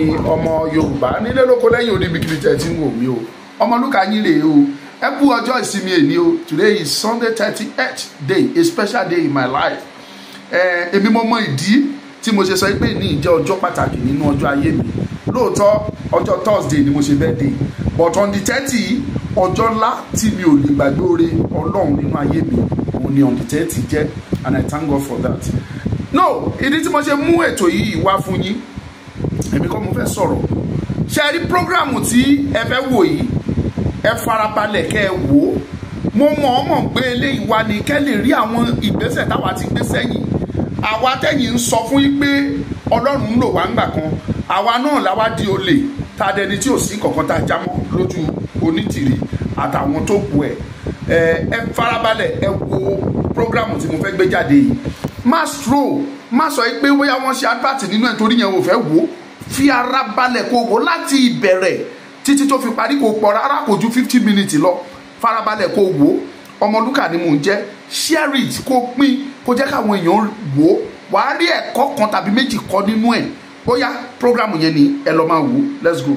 ẹ̀yin ọmọ yorùbá nílé lóko lẹ́yìn oníbikiri tẹ̀ tí ń wò mí o ọmọlúkà yín rèé o ẹ kú ọjọ́ ìsinmi èní o today is sunday thirty eight day a special day in my life èmi mo mọ ìdí tí mo ṣe sọ pé ní ìjẹ́ ọjọ́ pàtàkì nínú ọjọ́ ayé mi lóòótọ́ ọjọ́ thursday ni mo ṣe birthday but on the thirty ọjọ́ ńlá tí mi ò lè gbàgbé oore ọlọ́run nínú ayé mi òun ni on the thirty jẹ́ and i thank god for that no ìdí tí mo ṣe mú ètò yìí wá fún yín èmi kọ́ mo fẹ́ sọ̀rọ̀ ṣe rí programu tí ẹ fẹ́ wò yìí ẹ farabalẹ̀ kẹ́ ẹ wò ó mo mọ̀ ọ́ mọ̀ pé eléyìí wá ní kẹ́ lè rí àwọn ìgbésẹ̀ táwa ti gbé sẹ́yìn àwa tẹ̀yìn ń sọ fún yín pé ọlọ́run ń lò wá ńgbà kan àwa náà làwa di olè tá a dẹni tí ò sí kankan ta a já mọ́ lójú onítìrí àtàwọn tó kù ẹ̀ ẹ farabalẹ̀ ẹ wo programu tí mo fẹ́ gbé jáde yìí má stroll má sọ pé bóyá wọ́n ṣe advert nínú ẹ̀ torí yẹn ò fẹ́ wò ó fi ara balẹ̀ kogo wò láti ìbẹ̀rẹ̀ títí tó fi parí kò pọ̀ rárá kò ju fifty minutes lọ farabalẹ̀ kó wò ọmọlúkà ni mò ń jẹ́ share it kó pín kó jẹ́ káwọn èèyàn wò ó wàá rí ẹ̀kọ́ kan tàbí méjì kọ́ nínú ẹ̀ bóyá programu yẹn ni ẹ lọ́ọ́ máa wò ó let's go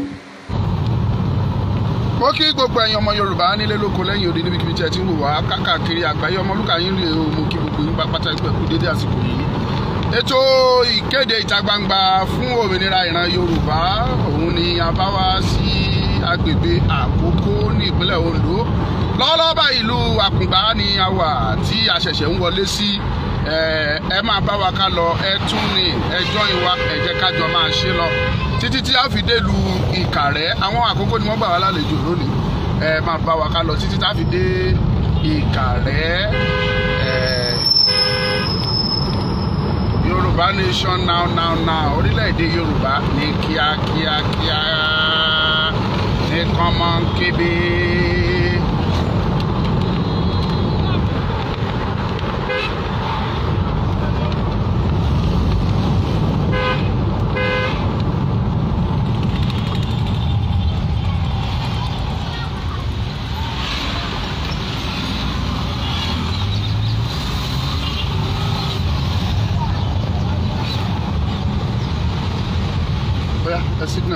ó kí gbogbo ẹ̀yin ọmọ yorùbá nílé lóko lẹ́yìn odi níbikíbi tí ẹ ti ń wò wá káàkiri àgbáyé ọmọlúkà yín rèé o mo kí gbogbo yín pátá ẹgbẹ́ dédé àsìkò yìí ètò ìkéde ìta gbangba fún òmìnira ìran yorùbá òun ni a bá wá sí agbègbè àkókó ní ìpínlẹ̀ ondo lọ́wọ́lọ́wọ́ bá ìlú àkùngbá ni a wà tí a ṣẹ̀ṣẹ̀ ń wọlé sí ẹ máa bá wa ká lọ ẹ tún ní ẹjọ́ ìwà ẹ jẹ́ máa ṣe lọ títí tí a fi dé lu ìkàrẹ́ àwọn àkókó ni wọ́n gbà wá lálejò lónìí ẹ máa bá wa ká lọ títí tá a fi dé ìkàrẹ́. yorùbá nation now now now orílẹ̀-èdè yorùbá ní kíákíákíá ní kọ́mọ́nkébé.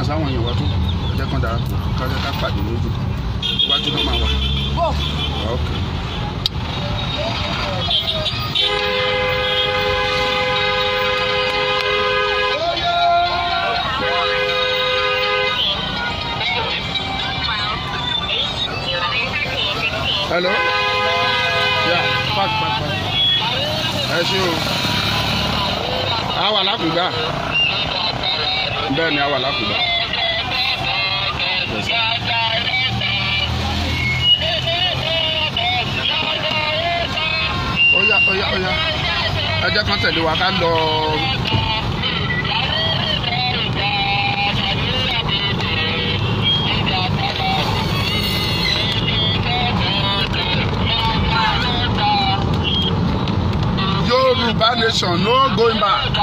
sáwọn èèyàn wa tó ẹjẹ kan dára pọ̀ kájẹ ká pàdé lójú iwájú náà máa wà. Hello? Yeah, back, back, back. Ẹ ṣé o. A wà lákùúgbà bẹ́ẹ̀ ni a wà lákùúgbà. jẹ́ kán tẹ̀lé wa ká lọ. Yoruba nation no going back.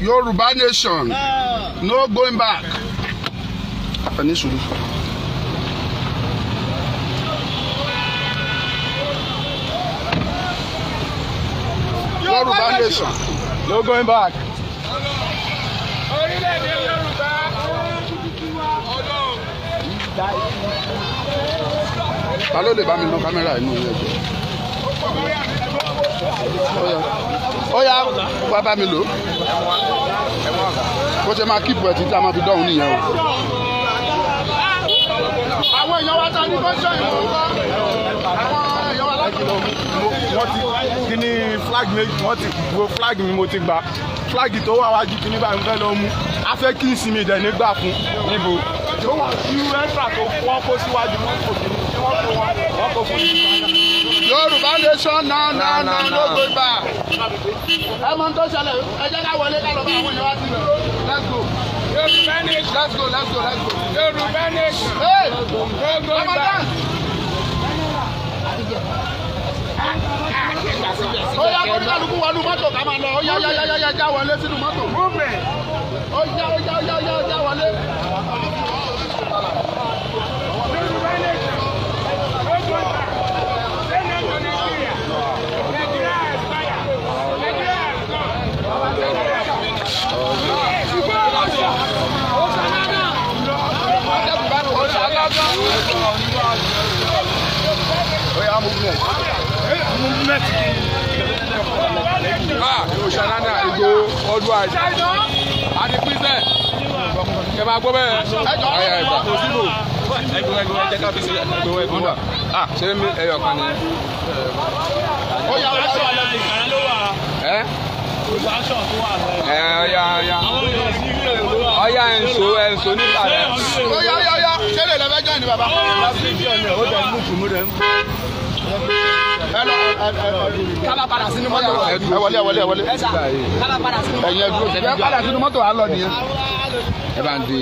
Yorùbá nation ah. no going back. Àfẹ̀ní sùúrù. nation no going back. Orílẹ̀-èdè Yorùbá ta ló lè bá mi lo kámẹ́rà inú ilé ẹjọ́ ó yá wá bá mi lò ó bó ṣe máa kíìpù ẹ̀ títí a máa fi dọ́hùn nìyẹn o. àwọn èèyàn wa ta ni kò jọ ìmọ̀ wọn àwọn wọ́n ti kí ni flag méjì wọ́n ti gbogbo flag mi mo ti gbà flag tó wà wájú kí ni báyìí mo fẹ́ lọ mú a fẹ́ kí n sinmi ìdẹ̀ nígbà fún níbo tó wà sí ẹ̀fà tó wọ́n kó síwájú wọ́n kò fún wọn kó fún ìgbà Yorùbá nation náà náà náà ló gbé gbà. ẹ mọ tó ṣẹlẹ̀ ẹ jẹ́ ká wọlé ká lọ bá àwọn èèyàn wá sí i. let's go. Yorùbá let's go let's go let's go. Yorùbá nation. hey ló gbé gbà. ó yá kó kálukú wọnú mọ́tò ká máa lọ ó yá yá yá yá já wọlé sínú mọ́tò. ó yá ó yá ó yá ó yá wọlé. our movement movement Òṣànánà Ìgbòho Ọdúnwàjì àti prison ẹ máa gbọ́ bẹ́ẹ̀ ayé ẹ̀gbà ẹ̀gbọ́n ẹ̀gbọ́n jẹ́ ká fi ṣe ẹ̀gbọ́n ẹ̀gbọ́n wà ṣé mi ẹ̀yọ̀ kan ni. ó yà ẹnso ẹnso nípa rẹ kala padà sínú mọ́tò wa. ẹ wọlé ẹ wọlé ẹ wọlé. ẹ sà kala padà sínú mọ́tò wa. ẹ̀yin ẹdúró ẹ padà sínú mọ́tò wa lọ nìyẹn. ẹ bá ń di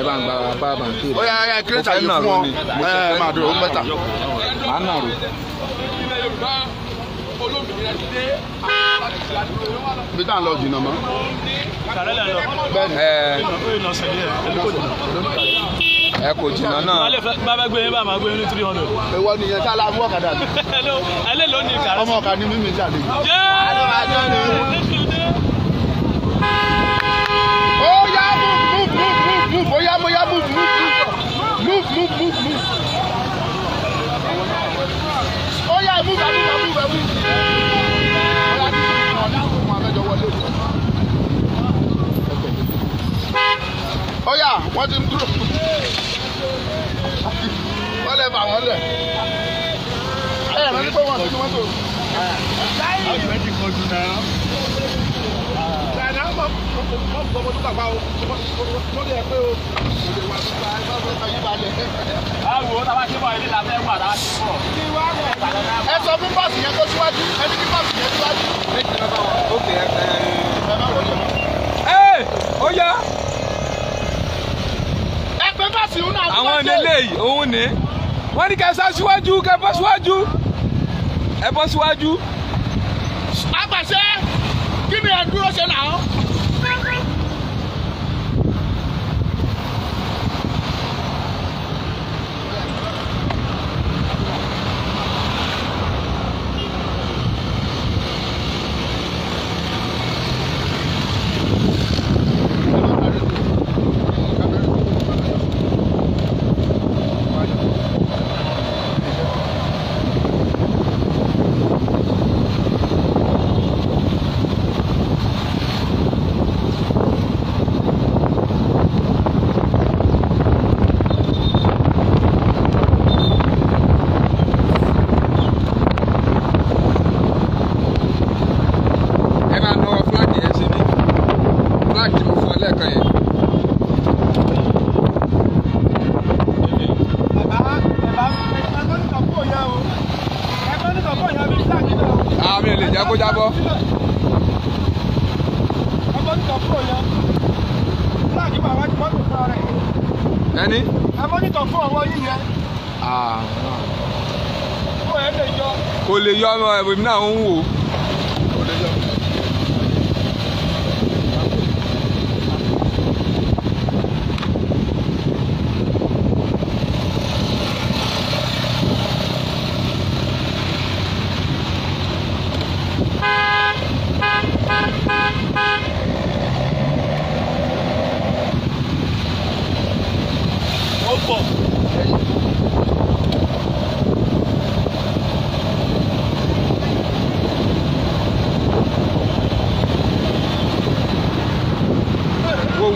ẹ bá ń gba bá a bá ń kéwòn. ó yà á kírẹ́tà yìí fún ọ ẹ máa dùn ó ń bẹ̀tà. màá nà rò. bí tá à ń lọ jìnnà mọ́. bẹ́ẹ̀ni. ẹ ẹ ẹ kò jìnnà náà. bàbá gbé yín máa gbé ní three hundred. ìwọ nìyẹn tí aláàbò ọ̀kadà ni. ẹlẹ́ ló ní ìkàrẹ́. ọmọ ọ̀kadà ni mímí jáde. ó yá move move move move ó yá move move move move move move move. ó yá wọ́n ti ń dúró wọ́n lè bà wọ́n lẹ̀ ẹ̀ ẹ̀ nípa wọn tuntun Ẹ sọ fún bọ́ọ̀sì yẹn kó síwájú, ẹ ní kí bọ́ọ̀sì yẹn síwájú. Ẹ ó yá àwọn onílé yìí òun ni wọ́n ní kẹsà síwájú kẹ bọ́ síwájú ẹ bọ́ síwájú. àgbàṣe kí ni ẹ dúró ṣe náà. kó jábọ́. ẹgbẹ́ nítorí fúrò yẹn fúlàní wà wájú mọ́tò fúnra rẹ̀. ẹni. ẹgbẹ́ nítorí fún ọwọ́ yìí yẹn. kó ah. ẹ lè yọ. kò lè yọ ọmọ ẹ̀bùn náà ń wò.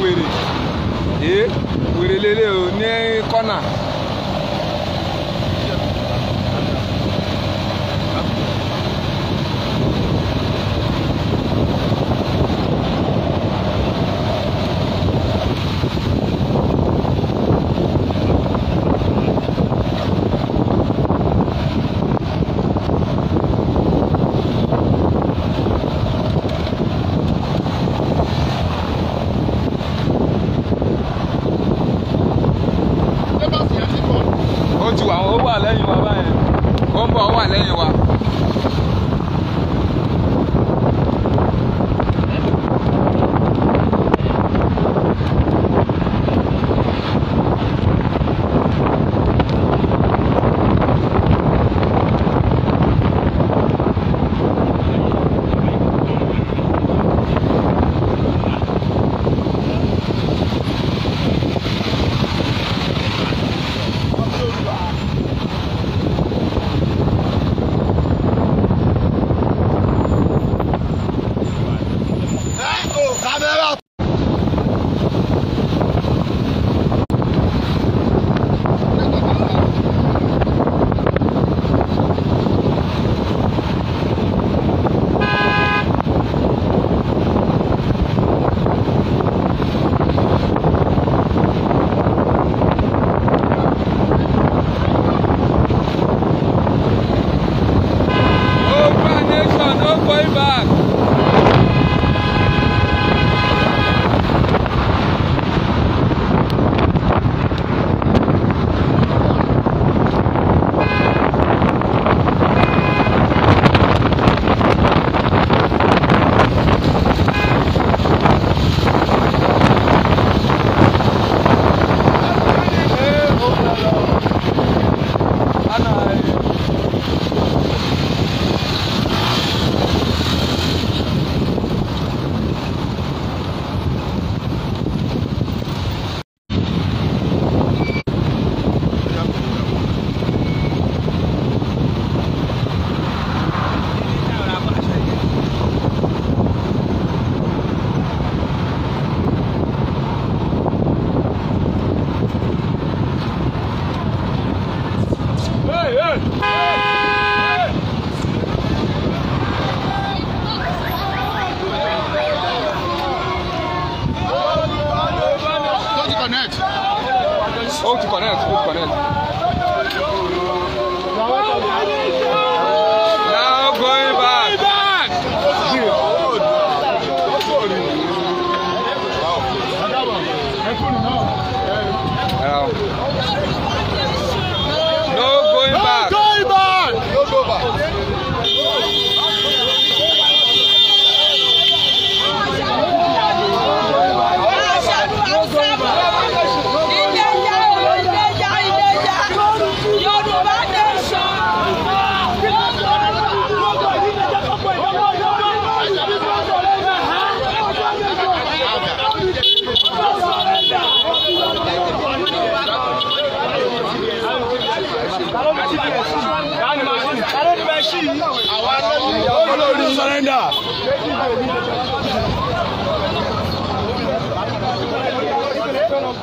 wèrè ee wèrè lélẹ̀ o ní kọ́nà.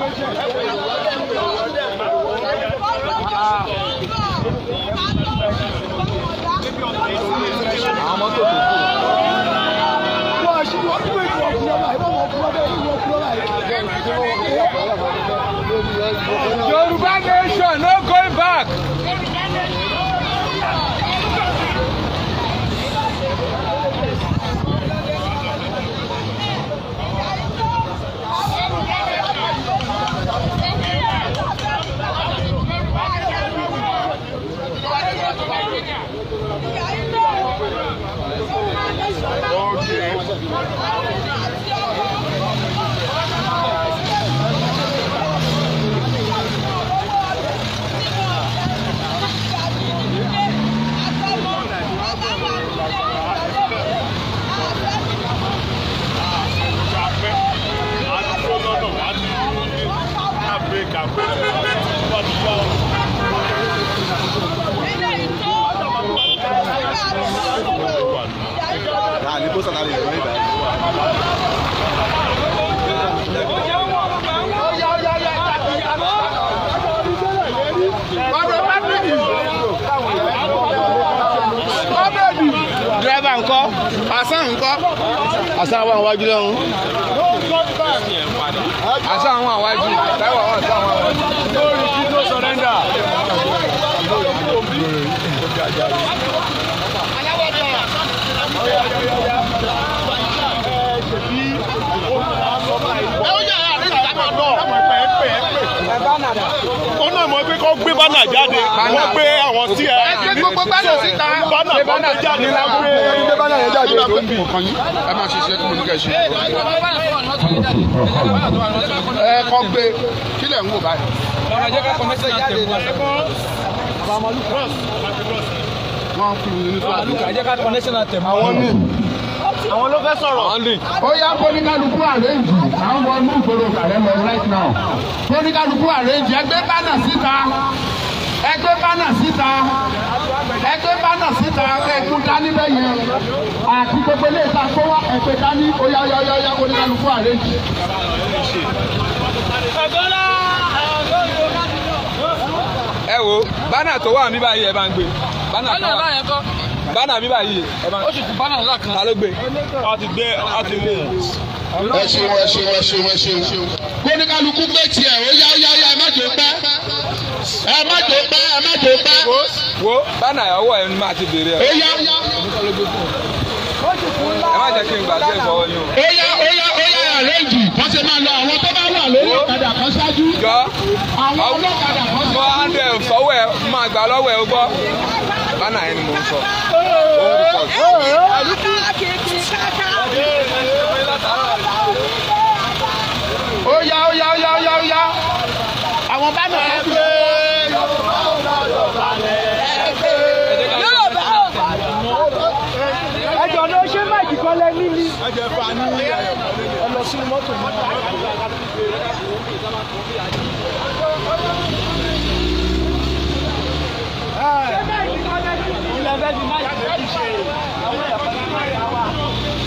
Thank you. àṣà àwọn àwájú lọ́hún. àṣà àwọn àwájú táwọn àwọn àṣà náà mọ̀ pé kó gbé bánà jáde wọ́n gbé àwọn tí ẹ ní tó bánà bánà jáde la gbé gbé bánà yẹn jáde ló ń bì. ẹ máa ṣe iṣẹ́ tí mo ní kẹ́ ṣe. ẹ kọ́ gbé kílẹ̀ ń wò báyìí. ọ̀rọ̀ ajẹ́ ká kọ́ mẹ́sẹ̀ jáde wọ́n fún mi ní fúlàdì. àwọn ní. àwọn ló fẹ́ sọ̀rọ̀. ó yá kóníkálukú àrẹ́ǹjì à ń wọnú ìgboro kàrẹ́ lọ right now kóníkálukú àrẹ́ǹjì ẹgbẹ́ bánà síta ẹgbẹ́ bánà síta ẹgbẹ́ bánà síta ẹkún dání bẹ́yẹ àti gbogbo ilé ìta kó wá ẹgbẹ́ dání ó yá yá yá ẹ wo tó wà mí báyìí ẹ bá ń gbé tó wà. bánà mi báyìí ẹ máa. ó sì kú bánà ńlá kan. ta ló gbé. a ti gbé a ti mú un. ẹ ṣeun ẹ ṣeun ẹ ṣeun ẹ ṣeun. kóníkàlùkù gbé tiẹ̀ ó yá ó yá ó yá ẹ má jò pẹ́ ẹ má jò pẹ́ ẹ má jò pẹ́. wo wo bánà ọwọ́ ẹ ni máa ti bèrè ẹ. ó yá ẹ má jẹ́ kí n gbàgbé ìfọwọ́ yín o. ó yá ó yá ó yá àrẹ́jù wọ́n ti máa lọ àwọn tó bá wà lórí ọ̀kadà kan ṣáájú. àwọn ọlọ́kadà kan ṣáájú. mo á dẹ̀ fọwọ́ ẹ máa gbà lọ́wọ́ ẹ gbọ́ bánà ẹni mò ń sọ òun rìpọ̀t. ó yá ó yá ó yá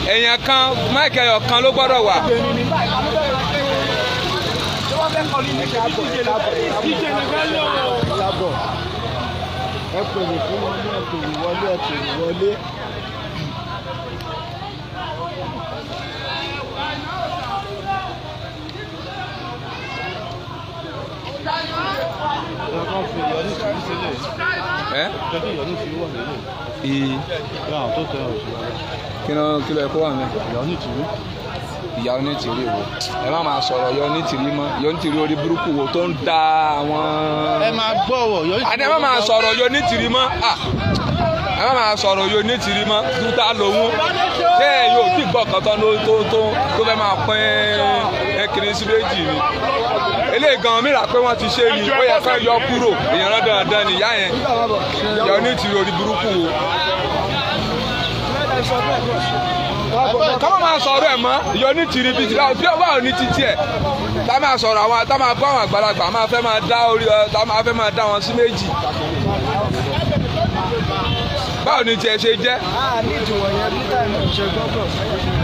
èèyàn kan máìkì ẹyọ kan ló gbọ́dọ̀ wà. ẹ pèrè fún wọn ní ẹ̀tọ́ ìwọlé ẹ. kí ló kí ló ẹ kó wà mẹ. ìyá onítìrí wo ẹ má máa sọ̀rọ̀ yọ onítìrí mọ́ yọ onítìrí orí burúkú wo tó ń da àwọn. ẹ máa gbọ́ wọ̀ yọ onítìrí. àti ẹ má máa sọ̀rọ̀ yọ onítìrí mọ́ ẹ má máa sọ̀rọ̀ yóò ní tìrì mọ́ dúdá lòun ṣé yóò tí gbọ́ kan tó tó tó fẹ́ máa pín ẹ kiri sí méjì ni eléyìí gan mìíràn pé wọ́n ti ṣe ni ó yẹ kán yọ kúrò èèyàn rán dandan nìyá yẹn yọ ní ìtìrò orí burúkú o. káwọn máa sọ̀rọ̀ ẹ̀ mọ́ yọ ní ìtìrì bíi tìrì bí ọba ò ní títí ẹ̀ tá máa sọ̀rọ̀ àwọn tá máa bọ́ àwọn àgbàlagbà máa fẹ́ máa dá orí ọ tá máa fẹ́ máa dá wọn sí méjì báwo ni tiẹ̀ ṣe jẹ́. a ní ìdùnnú yẹn bí táyà náà ṣe gbọ́kàn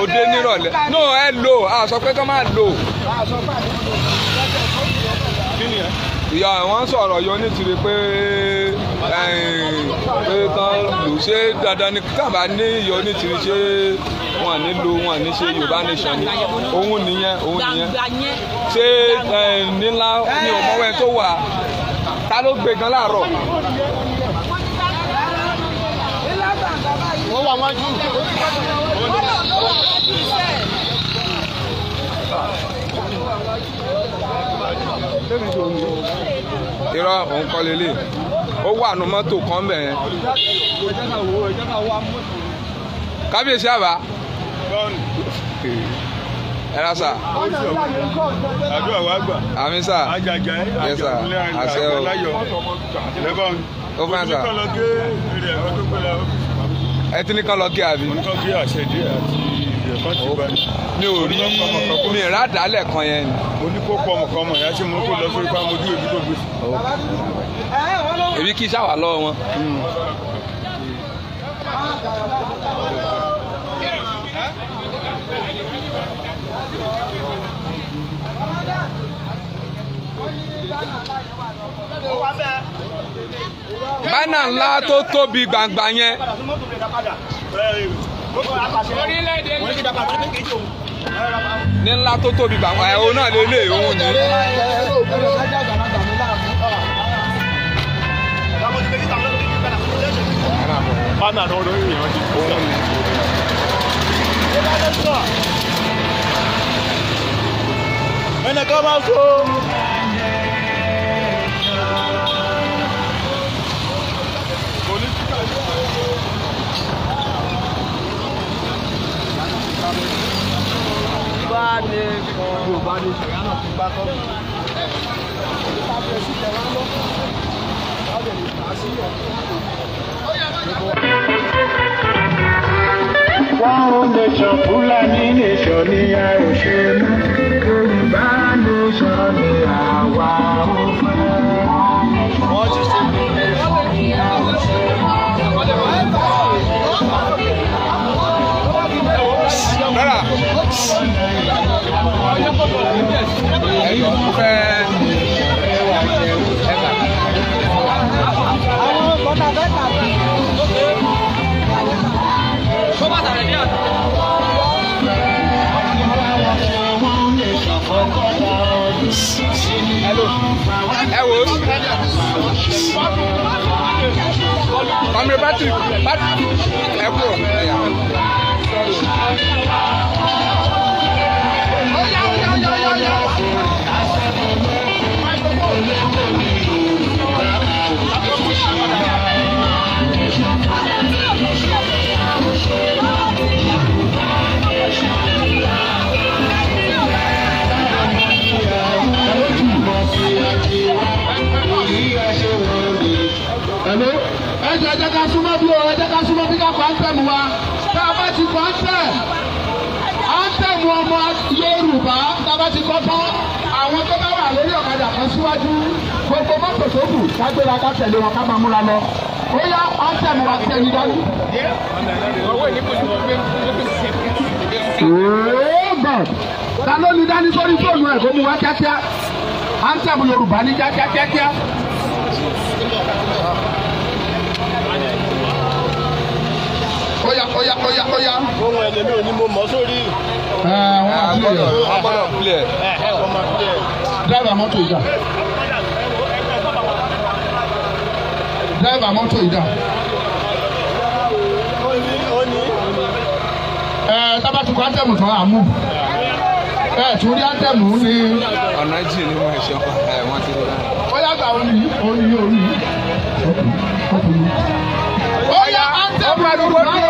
òde nírọ̀lẹ́ no ẹ lò a sọ pé kán máa lò. ìyá wọn sọ̀rọ̀ yọ nítorí pé eh, pé tán lù ṣé dandan ni kábà ní yọ nítorí ṣé wọn ní lo wọn ní ṣe Yorùbá nation ni òun nìyẹn òun nìyẹn ṣé eh, nílá ni òmọwẹ tó wà ta ló gbé gan láàárọ̀. wọ́n wà wájú. òun kọ́ lélẹ̀ ó wà nù mọ́tò kan bẹ̀ yẹn. kábíyèsí àbá. ẹ ra sà. àdúrà wa gbà. àmín sà. àjàjà ẹ àjà ìpínlẹ̀ àṣẹ o. lẹ́bọ̀n. ó fẹ́ sà. ẹ ti ní kán lọ kí àbí. mo ní kán kí àṣẹ díẹ̀ àti nǹkan ti bá mi ò rí mi rà dálẹ̀ kan yẹn ni. mo ní kó pọ ọmọkan ọmọ ìyá tí mo kó lọ sórí pa mojú èbí tó gbé. èmi kì í ṣàwà lọ́wọ́ wọn. bánà ńlá tó tóbi gbàngbà yẹn orílẹ̀ ní ńlá tó tóbi bàbá ẹ̀ náà lè lé òun ni. bánà náà lórí ìrántí òun ni. kan máa ń yorùbá ni yorùbá ni ṣùgbọ́n ti bá tọ́. One nation Fulani nation ni a ò ṣe mú. Yorùbá nation ni àwa. battery battery ẹ̀kọ́ jẹ́ ká súnmọ́ bí o ẹ jẹ́ ká súnmọ́ bí ká kọ́ antẹ́mù wa tá a bá ti kọ́ antẹ́mù antẹ́mù ọmọ Yorùbá tá a bá ti kọ́ tán àwọn tó bá wà lórí ọ̀kadà kan síwájú gbogbo mọ́tò tó kù kágbéra ká tẹ̀lé wọn ká máa múra lọ ó yá antẹ́mù wa tẹ̀ ní dájú. ooo ta ló ní dání sórí fóònù ẹ̀ kó mú wá kíákíá antẹ́mù Yorùbá ní kíákíá kíákíá. ọ̀yá ọ̀yá. ohun ẹlẹ́mi ò ní mo mọ̀ sórí. àwọn máa ń pilẹ̀. àwọn máa ń pilẹ̀. àwọn máa ń pilẹ̀. dáàbà mọ́tò ìjà. dáàbà mọ́tò ìjà. ẹ tábà tukọ̀ átẹ̀mù tán àmú. ẹ torí átẹ̀mù ni. ọ̀nà jì ni wọ́n ṣe ẹ̀ wọ́n ti rí náà. ó yàgbà orí orí orí. ó yà átẹ̀mù lórúkọ.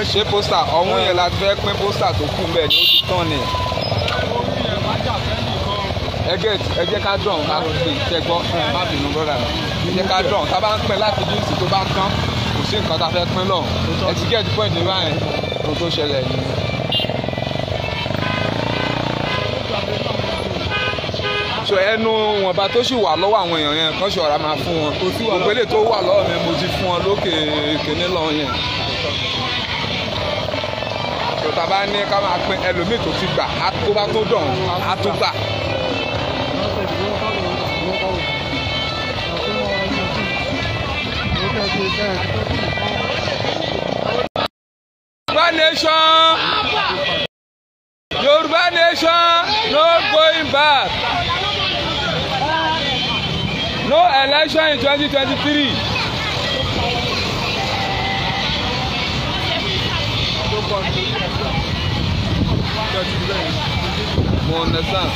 fẹ́ ṣe pósítà ọ̀hún yẹn la fẹ́ pín pósítà tó kù bẹ́ẹ̀ ni ó ti tán ni. ẹgẹ ẹjẹ ká dùn ká fi tẹgbọ́ má bínú bọ́dà mi ẹjẹ ká dùn tá a bá ń pẹ́ láti júùsì tó bá kán kò sí nǹkan tá a fẹ́ pín lọ ẹ ti gẹ̀ẹ́dì pọ́ìntì ní báyìí ohun tó ṣẹlẹ̀ ni. so ẹnu wọ̀nba tó sì wà lọ́wọ́ àwọn èèyàn yẹn kan ṣọra máa fún wọn gbogbo eléyìí tó wà lọ́wọ́ mi mo ti fún wọn lókè kéne lọ yẹn tàbá ní ká máa pín ẹlòmíì tó ti gbà tó bá tó dàn á tó gbà. Yorùbá nation Yorùbá nation no going back no election in twenty twenty three. You understand?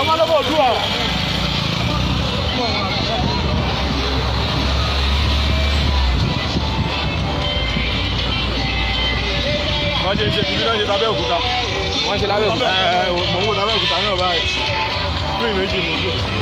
Àwọn ọlọ́wọ́ òdúwà. 王姐姐，你去紧达标鼓掌！王姐达标，哎哎，我我我达标鼓掌了呗！最没女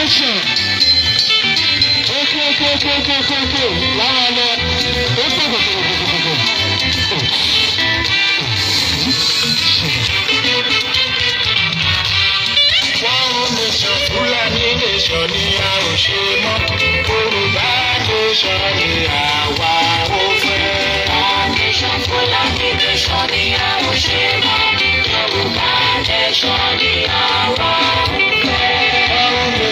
attention. Okay, okay, okay, okay, okay, okay. Lára lọ. Ó sọ̀rọ̀ kòkòkòkòkò. Wọ́n nation Fúlàní oh ni a ò ṣe mọ́. Yorùbá nation ni àwa ò fẹ́. Nation Fúlàní nation ni a ò ṣe mọ́. Yorùbá nation ni àwa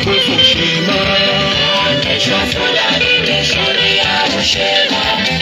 Fukushima. Deixa a saudade, deixa minha mochila.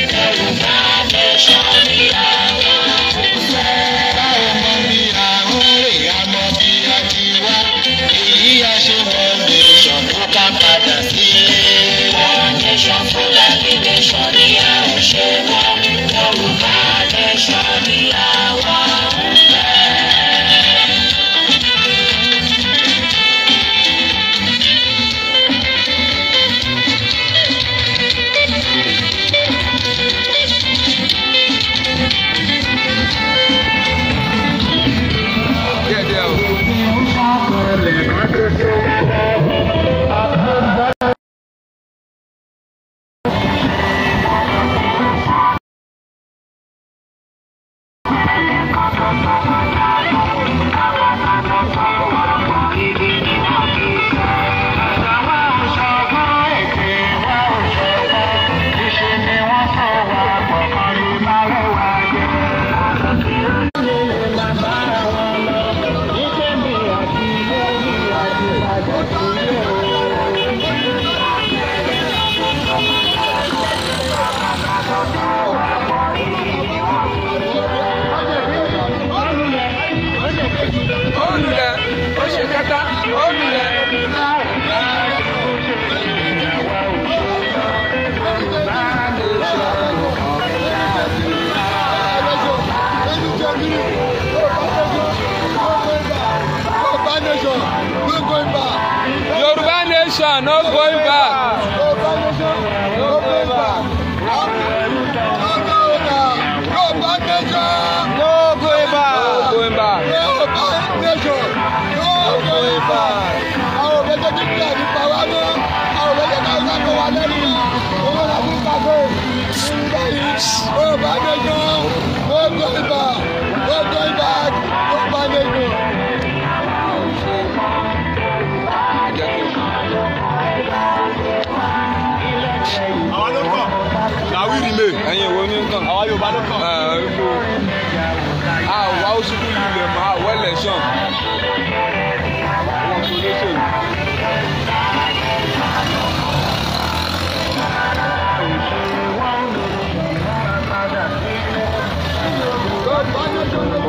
donation. I want donation.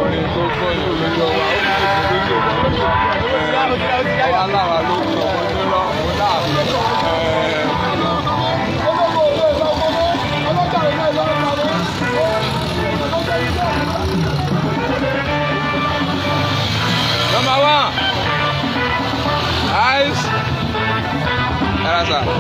Ọ̀rẹ́ tó kọ́ ìlú lórí ọwọ́ àwọn ọmọ ìgbésẹ̀ ọ̀rọ̀ ọ̀la wa ló kù. rasa. Yeah.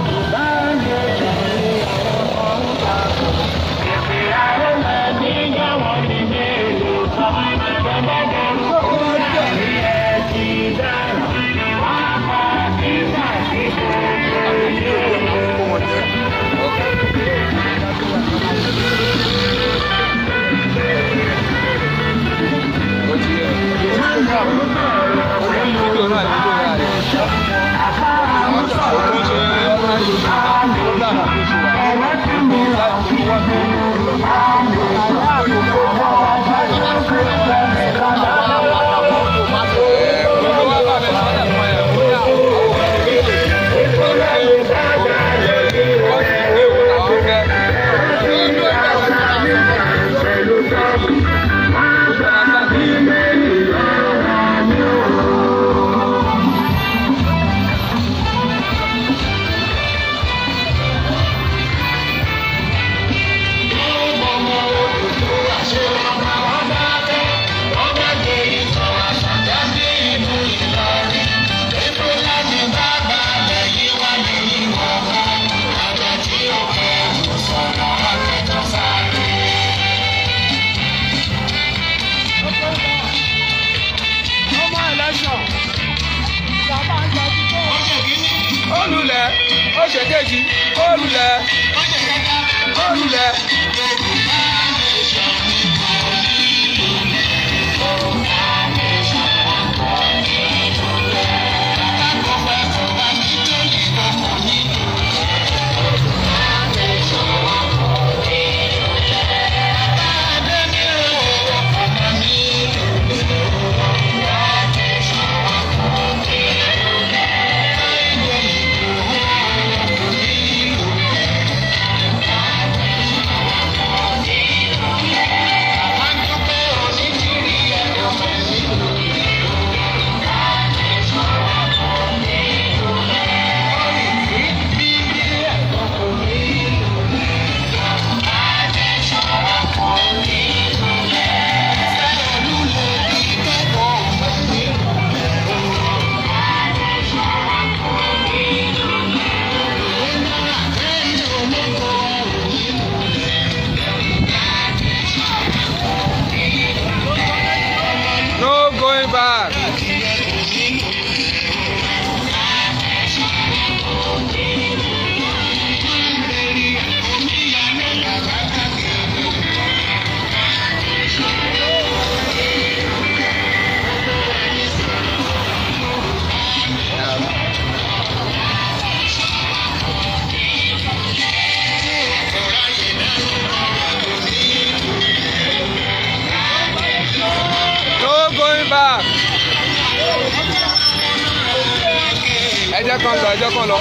ẹjẹ kan lọ ẹjẹ kan lọ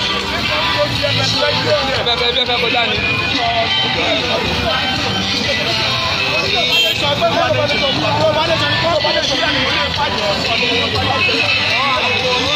ẹfẹfẹ bí ẹfẹ kọjá ni. Thank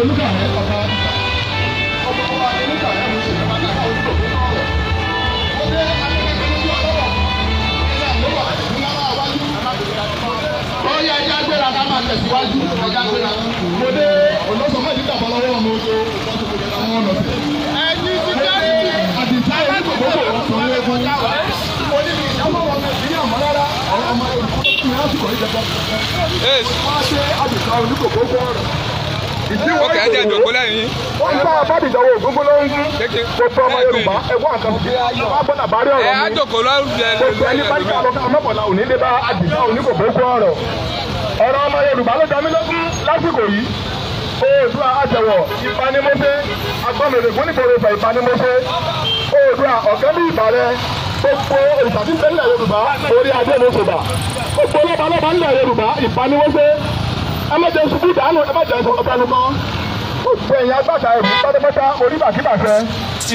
olùkàrẹ́ ọba ọba ọba olùkàrẹ́ mo ṣe ìjọba náà olùkọ̀ tó ọkẹ́ ẹ jẹ́ ìjòkó lẹ́yìn. wọ́n ń bá abádìjọwọ́ ògúngú ló ń gún gbogbo ọmọ yorùbá ẹ̀wọ́ àkàtúntì bá bọ́lá bá rí ọ̀rọ̀ eh, mi. ẹ àjòkó lọ́rùn jẹ lẹ́yìn. gbogbo ẹni bá ní ká lọ́ka ọmọbọ̀lá òní lé bá àdìsá òní kò bó gbọ́ ọ̀rọ̀ ọ̀rọ̀ ọmọ yorùbá ló dá mi lógún lásìkò yìí oòdùà àjẹwọ̀ ìpanimọ́sẹ́ agbọ́mọdé fún ìfọ̀rọ̀fọ̀ ìpanimọ́sẹ́ oòdùà ọ̀kẹ́ bí ìbàrẹ̀ gbogbo ìsàtìpẹ́ ńlẹ̀ yorùbá orí adé ló ṣèbà gbogbo ọlọ́ba ọlọ́ba ńlẹ̀ yorùbá ìpanimọ́sẹ́ ẹ má jẹun ṣubú dànù ẹ má jẹun ṣubú ọ̀pẹ̀lú mọ́. gbogbo ẹ̀yin agbáta ẹ̀mí pátápátá oníbàkíbàfẹ́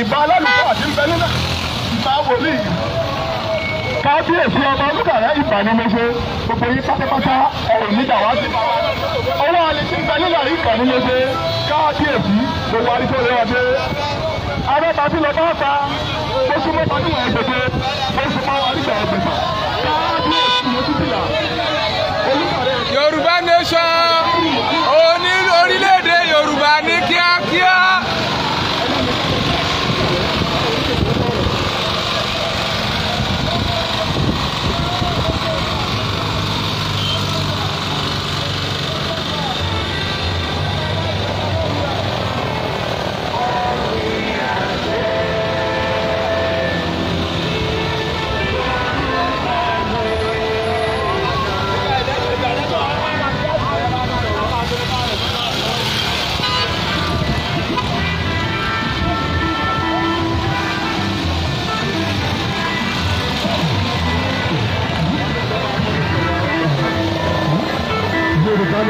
ìbá alálùkọ́ àti ń bẹ ìbá wòlíì. kábíyèsí ọmọ olùkàrẹ́ ìbànúmọ́ṣe gbogbo yín pátápátá ọ̀rùn nígbà wá ọwọ́ àlè ti ń bẹ nílẹ̀ kábíyèsí gbogbo àdìsọ arẹ́bàtí lọ bá ta bó súnmọ́ pàdé wọn ẹgbẹ̀gbẹ́ Nation, oni, orílẹ̀-èdè Yorùbá ní kíákíá.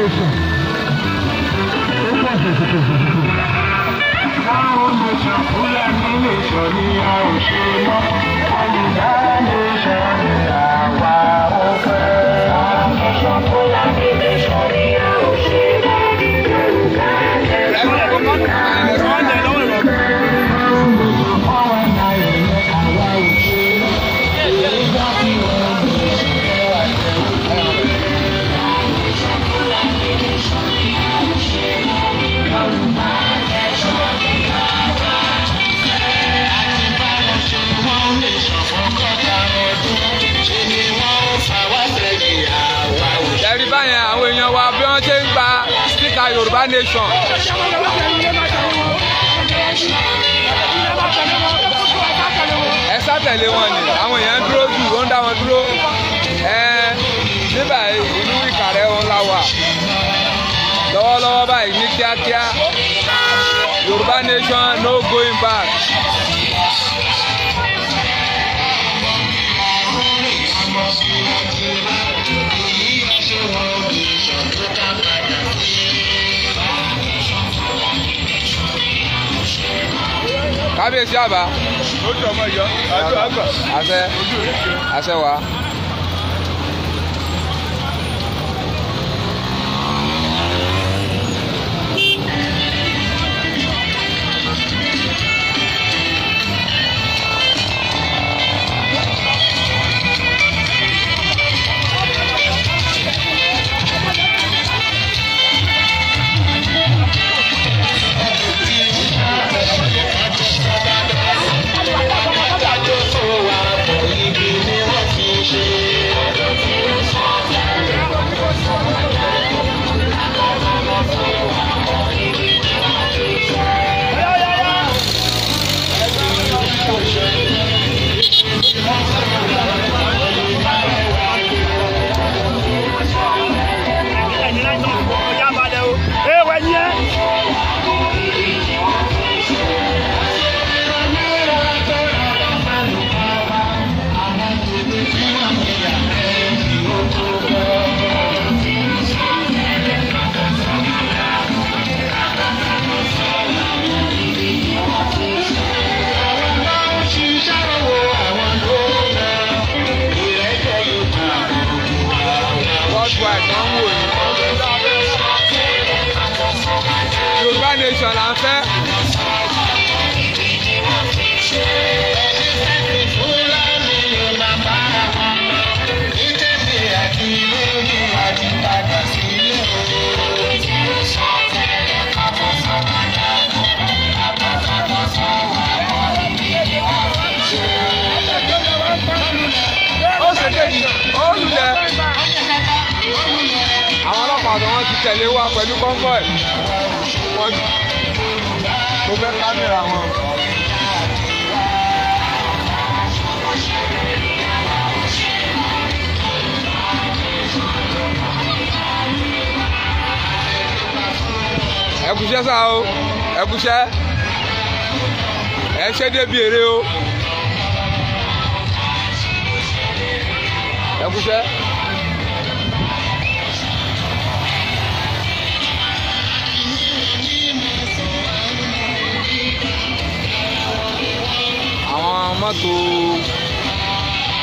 真的是，真的是，真的是。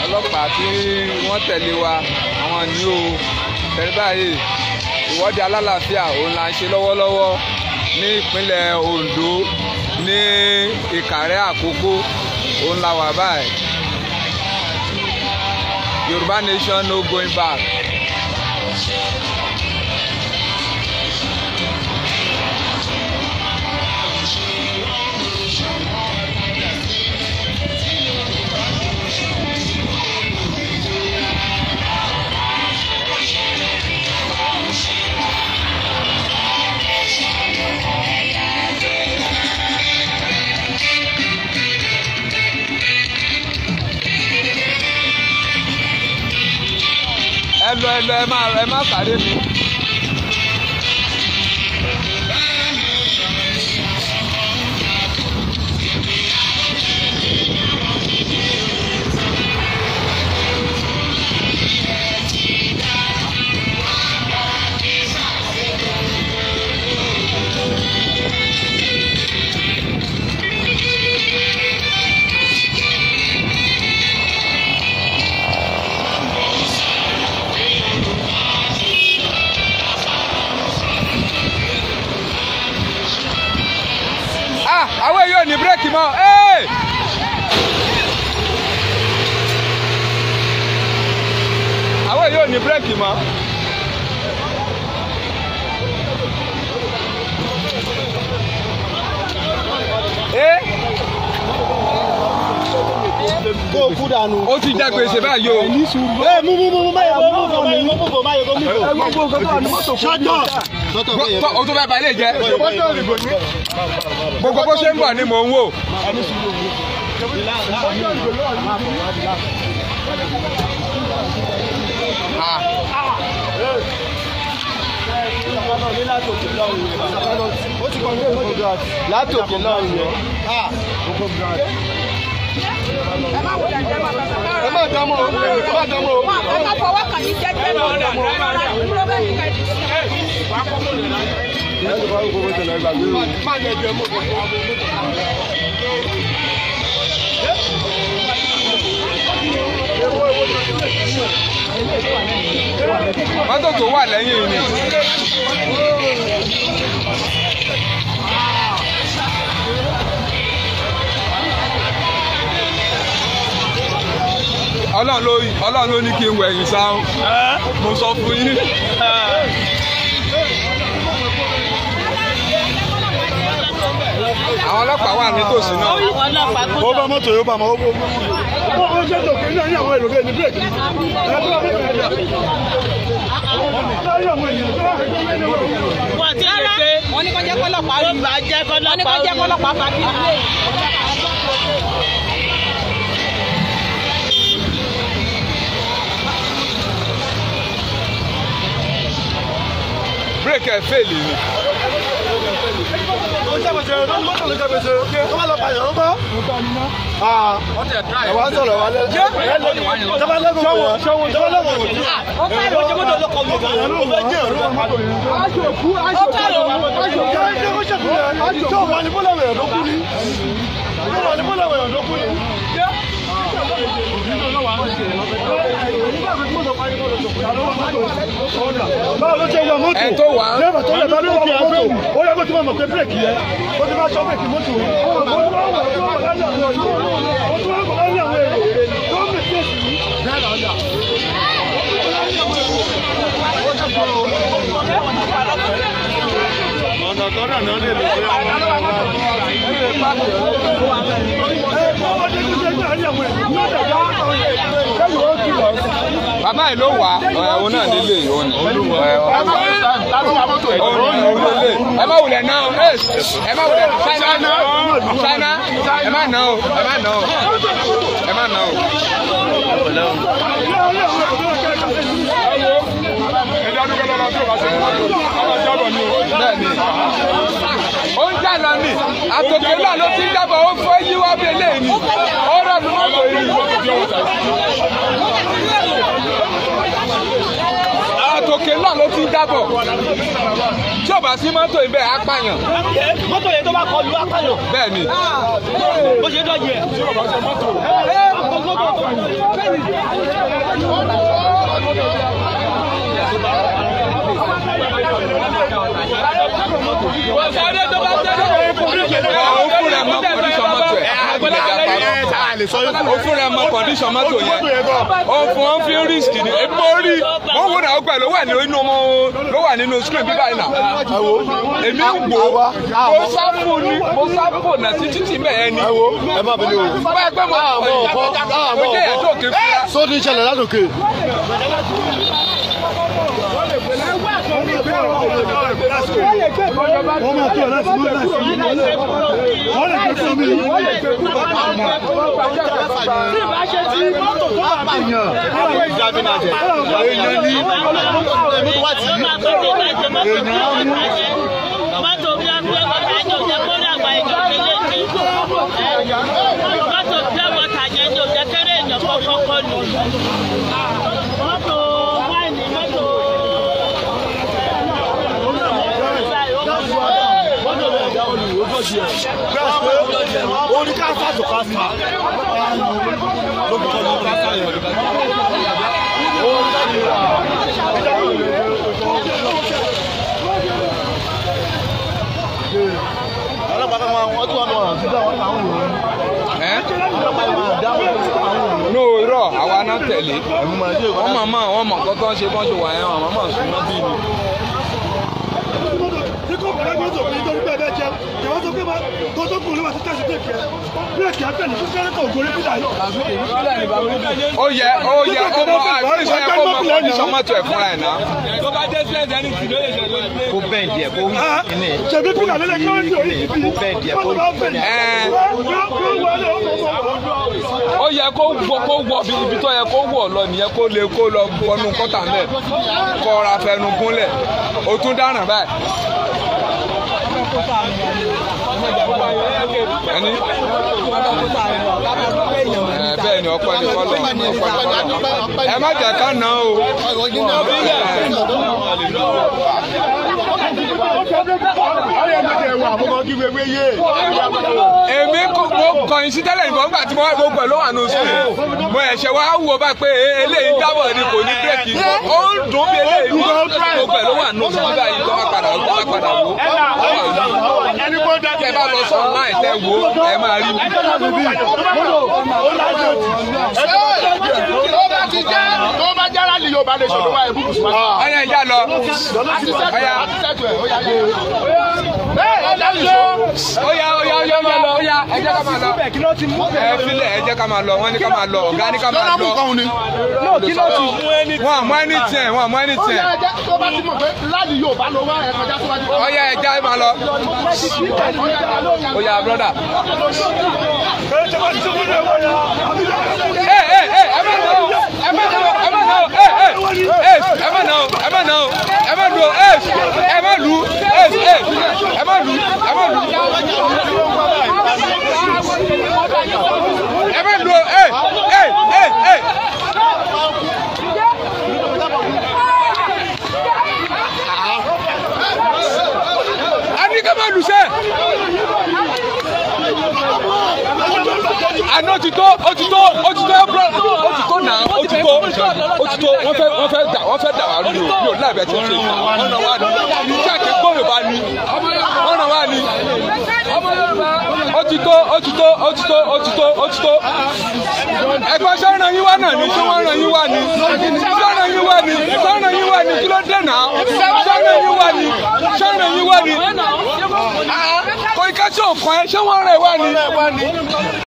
ọlọ́pàá tí wọ́n tẹ̀lé wa àwọn ni o tẹ̀lé báyìí ìwọ́de alálàáfíà òun là ń ṣe lọ́wọ́lọ́wọ́ ní ìpínlẹ̀ Ondo ní Ìkàrẹ́ Àkókó òun là wà báyìí Yorùbá nation no going back. lọ ẹ lọ ẹ má ẹ má pàdé mi. àwọn èèyàn ò ní bírèkì mọ́ àwọn èèyàn ò ní bírèkì mọ́. kó kú dànù. ó ti jẹ gbèsè báyìí o. ẹ mú mú mú má yẹ mú bò má mú bò má mú bò. ẹ gbogbo nǹkan tó wà mọ́tò fún mi. sọ́tọ̀ o tún fẹ́ balẹ̀ jẹ́. gbogbo bó ṣe ń bọ̀ ni mò ń wò. látòkè náà yẹn ẹ má dán mọ́ tó wà lẹ́yìn ni. ọlọ́run ló ọlọ́run ló ní kí n wẹ̀yìn sáwọn mo sọ fún yín. àwọn ọlọ́pàá wà nítòsí náà. ó bá mọ́tò yóò bá mọ́ ó ó bó ṣe tó kí ní àwọn èrò bẹ́ẹ̀ ní bírèkì. wọ́n ti rárá wọ́n ní kó jẹ́ kọ́lọ́pàá yìí. wọ́n ní kó jẹ́ kọ́lọ́pàá yìí. bírèkì ẹ̀ fèèlì ni. Thank you báwo ló ṣe yọ mọ́tò ẹ̀ tó wà á lẹ́bàá lẹ̀ bá ló wà mọ́tò ó yẹ kó tí mo mọ̀ pé bírèkì yẹ ó ti máa ṣọ́ bírèkì mọ́tò ó tún wà wọ̀ láyé àwọn èrò ó tún wà wọ̀ láyé àwọn èrò tó ọ̀nà kan náà náà lè lò pé ọmọ náà wà á lè pàṣẹ. ẹ ṣe é ní àárín àwọn ní ọ̀dà bá bàbá yìí ló wà òun náà nílé òun ni òun nílé ẹ má wulẹ̀ náà ẹ má wulẹ̀ ṣáínà ṣáínà ẹ má nà ó ẹ má nà ó ẹ má nà ó. bẹ́ẹ̀ ni lọ ni àtòkè náà ló ti ń dábọ̀ ó fẹ́ yí wá bẹ́ẹ̀ lé ní ọ̀rọ̀ mi wọ́n kò rí. àtòkè náà ló ti ń dábọ̀ tí ò bá sí mọ́tò ibẹ̀ apààyàn. mọ́tò yẹn tó bá kọlu apààyàn. bẹ́ẹ̀ ni. bó ṣe dọ̀jì ẹ̀. tí ò ó fúnra mọ kọndíṣọ mọ́tò yẹn ó fún ọ́n fi risk ni epo rí ó wò náà ó gbà ló wà nínú ló wà nínú screen bíbá yìí náà èmi ń gbò ó sáfù ní mo sáfù náà sí títí bẹ́ẹ̀ ni. ẹ wo ẹ má bẹ̀rẹ̀ o. báyìí pé mo kọ́ mo jẹ́ ìyàtọ̀ òkè fúnra. sódì ìṣẹ̀lẹ̀ látòkè wọ́n máa tó láti mú láti yí lọ́lẹ̀ wọ́n lè tó mi. wọ́n lè tó mi. tí ìbá ṣe ti mọ́tò tó bá mi yàn. èèyàn ni èèyàn ni. mọ́tò bí a gbé ọ̀gá ìjọba ìjọba. cancer to cancer ló fi kọjú cancer yẹn tó bá tó tó kù lóba tó tẹ̀sí bírèkì ẹ bírèkì ẹ tẹ̀lé fún kẹ́rẹ́kọ̀ ògòrè pílà yìí. ó yẹ ó yẹ ó mọ àìsí ẹ kó mọ kọ́ndíṣọ̀n mọ́tò ẹ̀ fúnra ẹ̀ náà. tó bá dé sílẹ̀ dání tì ló lè ṣe lórí ilé. kó bẹ́ẹ̀ díẹ̀ kó wí ah, kíni. ṣèbí pílà lẹ́lẹ̀ kí wọ́n ti orí ibi kó bẹ́ẹ̀ díẹ̀ kó wí. ó yẹ kó wọ kó wọ ibi tó yẹ kó wọ lọ nìyẹn kó lè kó lọ wọnú kọ́tà mẹ́ẹ̀ kọ́ra fẹnu gúnlẹ̀ ó tún dáràn báyìí. ẹni. bẹ́ẹ̀ ni ọpẹ́ ni fọlọ́ ọpẹ́ ẹ má jẹ́ ká ná o. èmi mo kọ̀yìn sí tẹ́lẹ̀ ìbọn nígbà tí mo wá gbogbo ẹ̀ wà ní oṣù mo ẹ̀ṣẹ̀ wá wò bá pé eléyìí dábọ̀ ni kò ní bírèkì ó ń dùn bí eléyìí gbogbo ẹ̀ wà ní oṣù nígbà yìí tó wá padà wò tẹ bá lọ sọ online tẹ wo ẹ máa rí mi. tó ti jẹ́ tó rally Yorùbá nation ló wà ẹ̀ búkú sùpàṣẹ. ọyàn ìyá lọ ọyà oya oya oya ma lọ oya ẹ jẹ́ ká máa lọ ẹ filẹ̀ ẹ jẹ́ ká máa lọ wọ́n ní ká máa lọ ọ̀gá ní ká máa lọ. wọ́n mú ẹni tiẹ̀ wọ́n mú ẹni tiẹ̀. oya ẹ jẹ́ máa lọ oya broda. ẹ ẹ ẹ ẹ bá lọ ẹ má nà ó ẹ má nà ó ẹ ẹ ẹ má nà ó ẹ má nà ó ẹ má lu ẹ ẹ má lu ẹ ẹ ẹ má lu ẹ má lu. ẹ má lu ẹ ẹ ẹ ẹ. ani ká má lu sẹ́ àná ó ti tó ó ti tó ó ti tó ẹ̀bùrọ̀ ó ti tó náà ó ti tó ó ti tó wọ́n fẹ́ wọ́n fẹ́ dà wọ́n fẹ́ dà wá lórí o yóò láì bẹ́ẹ̀ tó ṣe ọ̀nà wa ni iṣẹ́ àti gbòòrò bá ní ọ̀nà wa ni ti tó ó ti tó ó ti tó ó ti tó ó ti tó ẹ̀gbọ́n sọ́ràn yín wá náà ni tí wọ́n ràn yín wá ni sọ́ràn yín wá ni sọ́ràn yín wá ni kí ló dé náà sọ́ràn yín wá ni sọ́ràn yín wá ni kò ìkẹ́sí òkan ẹ ṣé wọ́n rẹ̀ wá ni.